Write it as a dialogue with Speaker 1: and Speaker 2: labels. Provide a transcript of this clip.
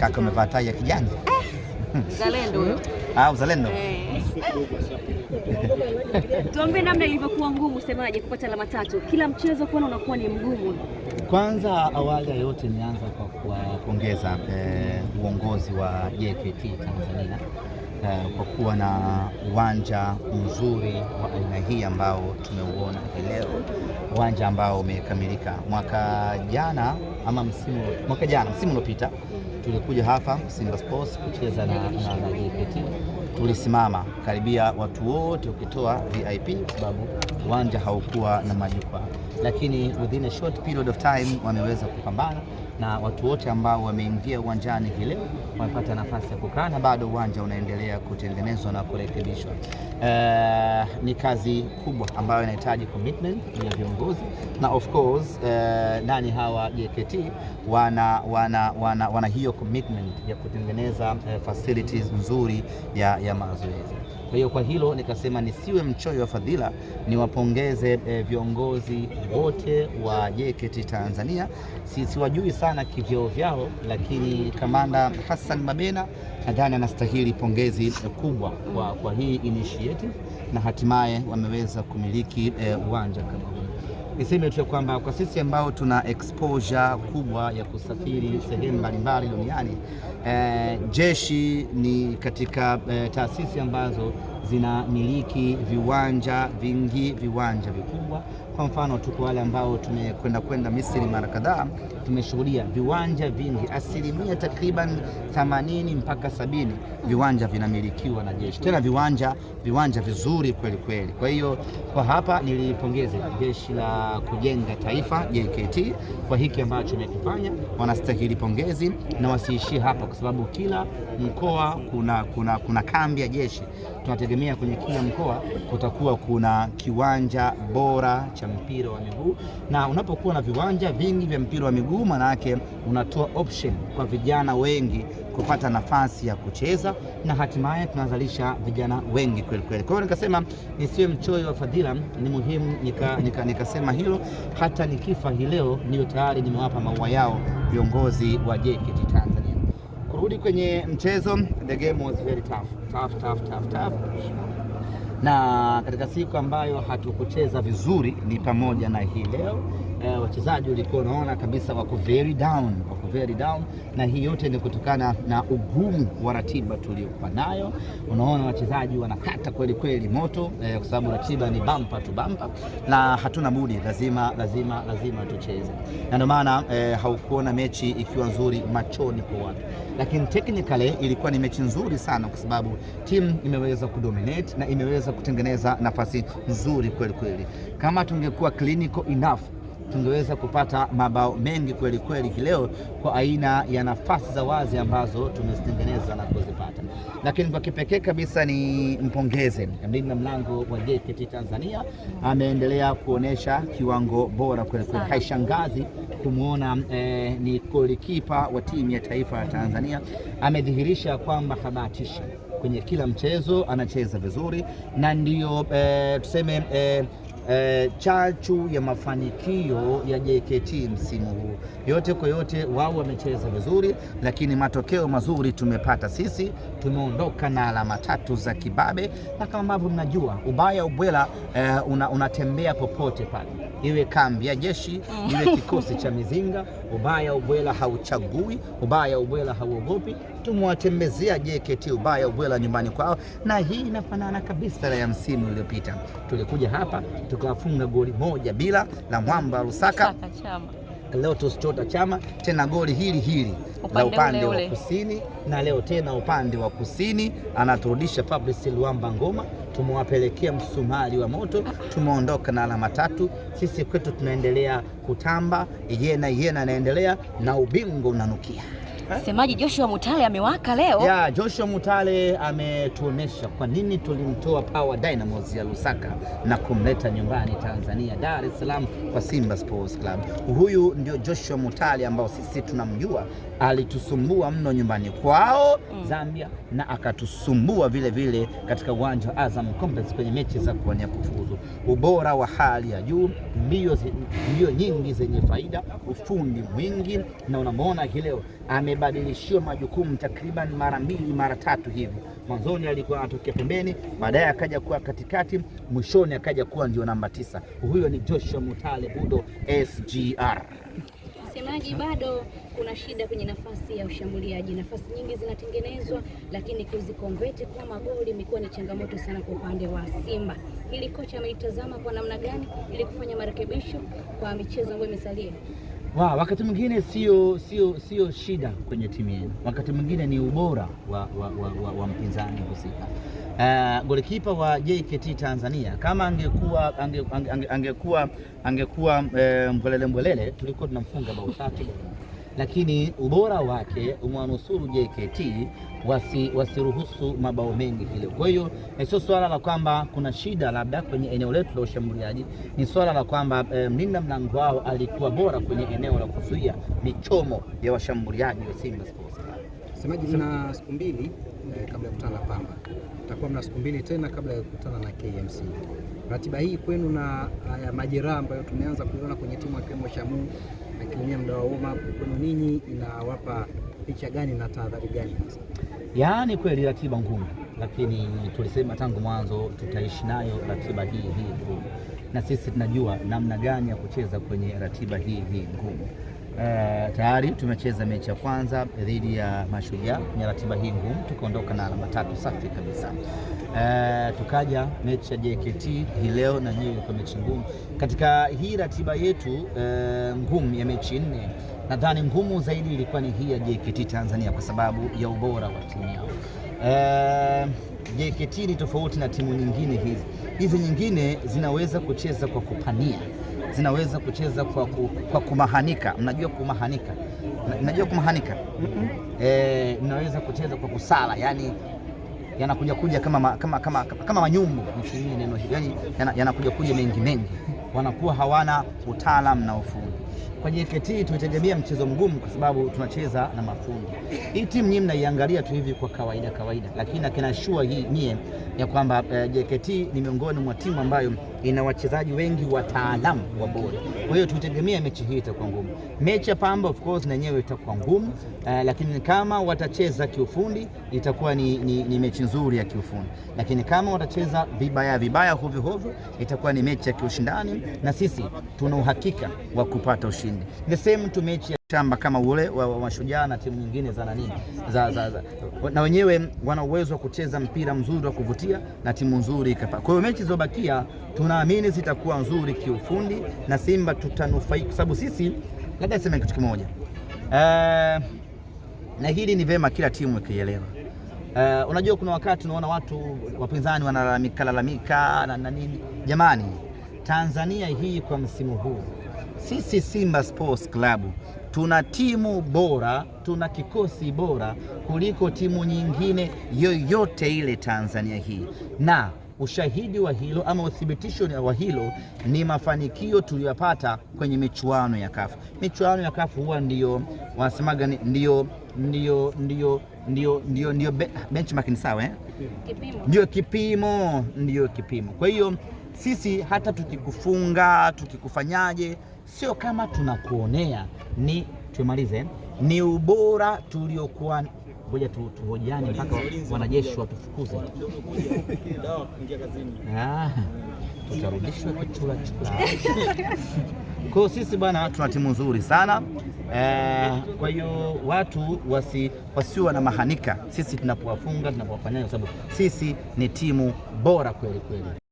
Speaker 1: kaka amevaa tai ya kijani
Speaker 2: eh, uzalendo
Speaker 1: ah, uzalendo eh.
Speaker 2: tuambie namna ilivyokuwa ngumu semaje kupata alama tatu kila mchezo kwani unakuwa ni mgumu
Speaker 1: kwanza awali ya yote nianza kwa kuwapongeza eh, uongozi wa JKT Tanzania Eh, kwa kuwa na uwanja mzuri wa aina hii ambao tumeuona leo, uwanja ambao umekamilika mwaka jana ama msimu, mwaka jana msimu uliopita tulikuja hapa Simba Sports kucheza na, na, na JKT. Tulisimama karibia watu wote ukitoa VIP kwa sababu uwanja haukuwa na majukwaa, lakini within a short period of time wameweza kupambana na watu wote ambao wameingia uwanjani hii leo wamepata nafasi ya kukaa na bado uwanja unaendelea kutengenezwa na kurekebishwa. Uh, ni kazi kubwa ambayo inahitaji commitment ya viongozi na of course uh, nani hawa JKT wana, wana, wana, wana hiyo commitment ya kutengeneza uh, facilities nzuri ya, ya mazoezi. Kwa hiyo kwa hilo nikasema nisiwe mchoyo wa fadhila, niwapongeze e, viongozi wote wa JKT Tanzania. Siwajui sana kivyao vyao, lakini kamanda Hassan Mabena nadhani anastahili pongezi kubwa kwa, kwa hii initiative na hatimaye wameweza kumiliki e, uwanja kama huu niseme tu kwamba kwa sisi ambao tuna exposure kubwa ya kusafiri sehemu mbalimbali duniani e, jeshi ni katika e, taasisi ambazo zinamiliki viwanja vingi, viwanja vikubwa kwa mfano tuko wale ambao tumekwenda kwenda Misri mara kadhaa, tumeshuhudia viwanja vingi, asilimia takriban 80 mpaka sabini viwanja vinamilikiwa na jeshi, tena viwanja viwanja vizuri kweli kweli. Kwa hiyo kwa hapa nilipongeze jeshi la kujenga taifa JKT kwa hiki ambacho wamekifanya, wanastahili pongezi na wasiishie hapa, kwa sababu kila mkoa kuna, kuna, kuna kambi ya jeshi. Tunategemea kwenye kila mkoa kutakuwa kuna kiwanja bora cha cha mpira wa miguu, na unapokuwa na viwanja vingi vya mpira wa miguu, maana yake unatoa option kwa vijana wengi kupata nafasi ya kucheza na hatimaye tunazalisha vijana wengi kweli kweli. Kwa hiyo nikasema nisiwe mchoyo wa fadhila, ni muhimu nikasema nika, nika hilo, hata nikifa hii leo niyo tayari nimewapa maua yao viongozi wa JKT Tanzania. Kurudi kwenye mchezo, the game was very tough. Tough, tough, tough, tough na katika siku ambayo hatukucheza vizuri ni pamoja na hii leo eh, wachezaji ulikuwa unaona kabisa wako very down, wako very down, na hii yote ni kutokana na ugumu wa ratiba tuliokuwa nayo. Unaona wachezaji wanakata kweli kweli moto eh, kwa sababu ratiba ni bampa tu bampa, na hatuna budi, lazima lazima lazima tucheze, na ndio maana eh, haukuona mechi ikiwa nzuri machoni kwa watu, lakini technically ilikuwa ni mechi nzuri sana, kwa sababu timu imeweza kudominate na imeweza kutengeneza nafasi nzuri kweli kweli. Kama tungekuwa clinical enough tungeweza kupata mabao mengi kweli kweli kileo kwa aina ya nafasi za wazi ambazo tumezitengeneza na kuzipata. Lakini kwa kipekee kabisa ni mpongeze mlinda mlango wa JKT Tanzania, ameendelea kuonesha kiwango bora kweli kweli. Haishangazi kumwona eh, ni golikipa wa timu ya taifa ya Tanzania, amedhihirisha kwamba habatishi kwenye kila mchezo, anacheza vizuri na ndiyo eh, tuseme eh, eh, chachu ya mafanikio ya JKT msimu huu. Yote kwa yote, wao wamecheza vizuri, lakini matokeo mazuri tumepata sisi. Tumeondoka na alama tatu za kibabe, na kama ambavyo mnajua ubaya ubwela eh, una, unatembea popote pale, iwe kambi ya jeshi, mm. iwe kikosi cha mizinga. Ubaya ubwela hauchagui, ubaya ubwela hauogopi. Tumewatembezea JKT ubaya ubwela nyumbani kwao, na hii inafanana kabisa na ya msimu uliopita. Tulikuja hapa tukawafunga goli moja bila la mwamba Lusaka Chama. Leo tusichota Chama tena goli hili hili la upande wa kusini, na leo tena upande wa kusini anaturudisha Fabrice Luamba Ngoma. Tumewapelekea msumari wa moto, tumeondoka na alama tatu. Sisi kwetu tunaendelea kutamba, yena yena anaendelea na ubingwa unanukia.
Speaker 2: Eh? Semaji Joshua Mutale amewaka leo.
Speaker 1: Ya, Joshua Mutale ametuonesha kwa nini tulimtoa Power Dynamos ya Lusaka na kumleta nyumbani Tanzania Dar es Salaam kwa Simba Sports Club. Huyu ndio Joshua Mutale ambao sisi tunamjua alitusumbua mno nyumbani kwao mm. Zambia, na akatusumbua vile vile katika uwanja wa Azam Complex kwenye mechi za kuwania kufuzu. Ubora wa hali ya juu, mbio, mbio nyingi zenye faida, ufundi mwingi, na unamwona kileo amebadilishiwa majukumu takriban mara mbili mara tatu hivi. Mwanzoni alikuwa anatokea pembeni, baadaye akaja kuwa katikati, mwishoni akaja kuwa ndio namba tisa. Huyo ni Joshua Mutale Budo SGR
Speaker 2: msemaji, bado kuna shida kwenye nafasi ya ushambuliaji. Nafasi nyingi zinatengenezwa, lakini kuzikonveti kwa magoli imekuwa ni changamoto sana kwa upande wa Simba. Hili kocha ameitazama kwa namna gani ili kufanya marekebisho kwa michezo ambayo imesalia?
Speaker 1: wa wakati mwingine sio sio sio shida kwenye timu yenu, wakati mwingine ni ubora wa, wa, wa, wa, wa mpinzani husika. Uh, eh, golikipa wa JKT Tanzania kama angekuwa angekuwa angekuwa, angekuwa eh, mbwelele mbwelele tulikuwa tunamfunga bao tatu lakini ubora wake umwanusuru JKT wasi, wasiruhusu mabao mengi hilo. Kwa hiyo eh, sio swala la kwamba kuna shida labda kwenye eneo letu la ushambuliaji, ni swala la kwamba e, mlinda mlango wao alikuwa bora kwenye eneo la kuzuia michomo ya washambuliaji wa Simba Sports Club.
Speaker 3: Semaji, mna siku mbili eh, kabla ya kukutana na Pamba, mtakuwa mna siku mbili tena kabla ya kukutana na KMC. Ratiba hii kwenu na haya eh, majeraha ambayo tumeanza kuona kwenye timu akiwemo Shamu akitumia muda wa warm up kwenu ninyi inawapa picha gani na tahadhari gani? Sasa
Speaker 1: yaani kweli ratiba ngumu, lakini tulisema tangu mwanzo tutaishi nayo ratiba hii hii ngumu, na sisi tunajua namna gani ya kucheza kwenye ratiba hii hii ngumu. Uh, tayari tumecheza mechi ya kwanza dhidi ya Mashujaa kwenye ratiba hii ngumu, tukaondoka na alama tatu safi kabisa. Uh, tukaja mechi ya JKT hii leo na hiyo ilikuwa mechi ngumu katika hii ratiba yetu uh, ngumu ya mechi nne. Nadhani ngumu zaidi ilikuwa ni hii ya JKT Tanzania kwa sababu ya ubora wa timu yao. Uh, eh, JKT ni tofauti na timu nyingine hizi hizi nyingine zinaweza kucheza kwa kupania, zinaweza kucheza kwa, ku, kwa kumahanika. Mnajua kumahanika? Mnajua kumahanika? mm -mm. Eh, mnaweza kucheza kwa kusala yani yanakuja kuja kama, kama, kama, kama manyumbu nitumie neno hili, yani yanakuja kuja mengi mengi, wanakuwa hawana utaalamu na ufundi. Kwa JKT tumetegemea mchezo mgumu, kwa sababu tunacheza na mafundi. Hii timu nyinyi mnaiangalia tu hivi kwa kawaida kawaida, lakini akinashua hii nyie ya kwamba eh, JKT ni miongoni mwa timu ambayo ina wachezaji wengi wataalamu wa bodi. kwa hiyo tutegemea mechi hii itakuwa ngumu. Mechi ya Pamba of course na yenyewe itakuwa ngumu uh, lakini kama watacheza kiufundi itakuwa ni, ni, ni mechi nzuri ya kiufundi, lakini kama watacheza vibaya vibaya hovyo hovyo itakuwa ni mechi ya kiushindani, na sisi tuna uhakika wa kupata ushindi the same to mechi mkataba kama ule wa Mashujaa na timu nyingine za nani za, za, za, na wenyewe wana uwezo wa kucheza mpira mzuri wa kuvutia na timu nzuri ikapa. Kwa hiyo mechi zilizobakia tunaamini zitakuwa nzuri kiufundi na Simba tutanufaika, kwa sababu sisi labda niseme kitu kimoja uh, na hili ni vema kila timu ikielewa. Uh, unajua kuna wakati unaona watu wapinzani wanalalamika lalamika na nini. Jamani, Tanzania hii kwa msimu huu sisi Simba Sports Club tuna timu bora, tuna kikosi bora kuliko timu nyingine yoyote ile Tanzania hii, na ushahidi wa hilo ama uthibitisho wa hilo ni mafanikio tuliyopata kwenye michuano ya kafu. Michuano ya kafu huwa ndiyo wanasemaga ndio, ndio, ndio, ndio, ndio, ndio benchmark ni sawa eh? Ndiyo kipimo, ndiyo kipimo. Kwa hiyo sisi hata tukikufunga tukikufanyaje sio kama tunakuonea, ni tumalize, ni ubora tuliokuwa ngoja tu, tuhojani mpaka wanajeshi watufukuze. Ah, tutarudishwa kichula chula. Kwa sisi bwana, tuna timu nzuri sana eh. Kwa hiyo watu wasi wasiwa na mahanika sisi tunapowafunga tunapowafanyaa kwa sababu sisi ni timu bora kweli kweli.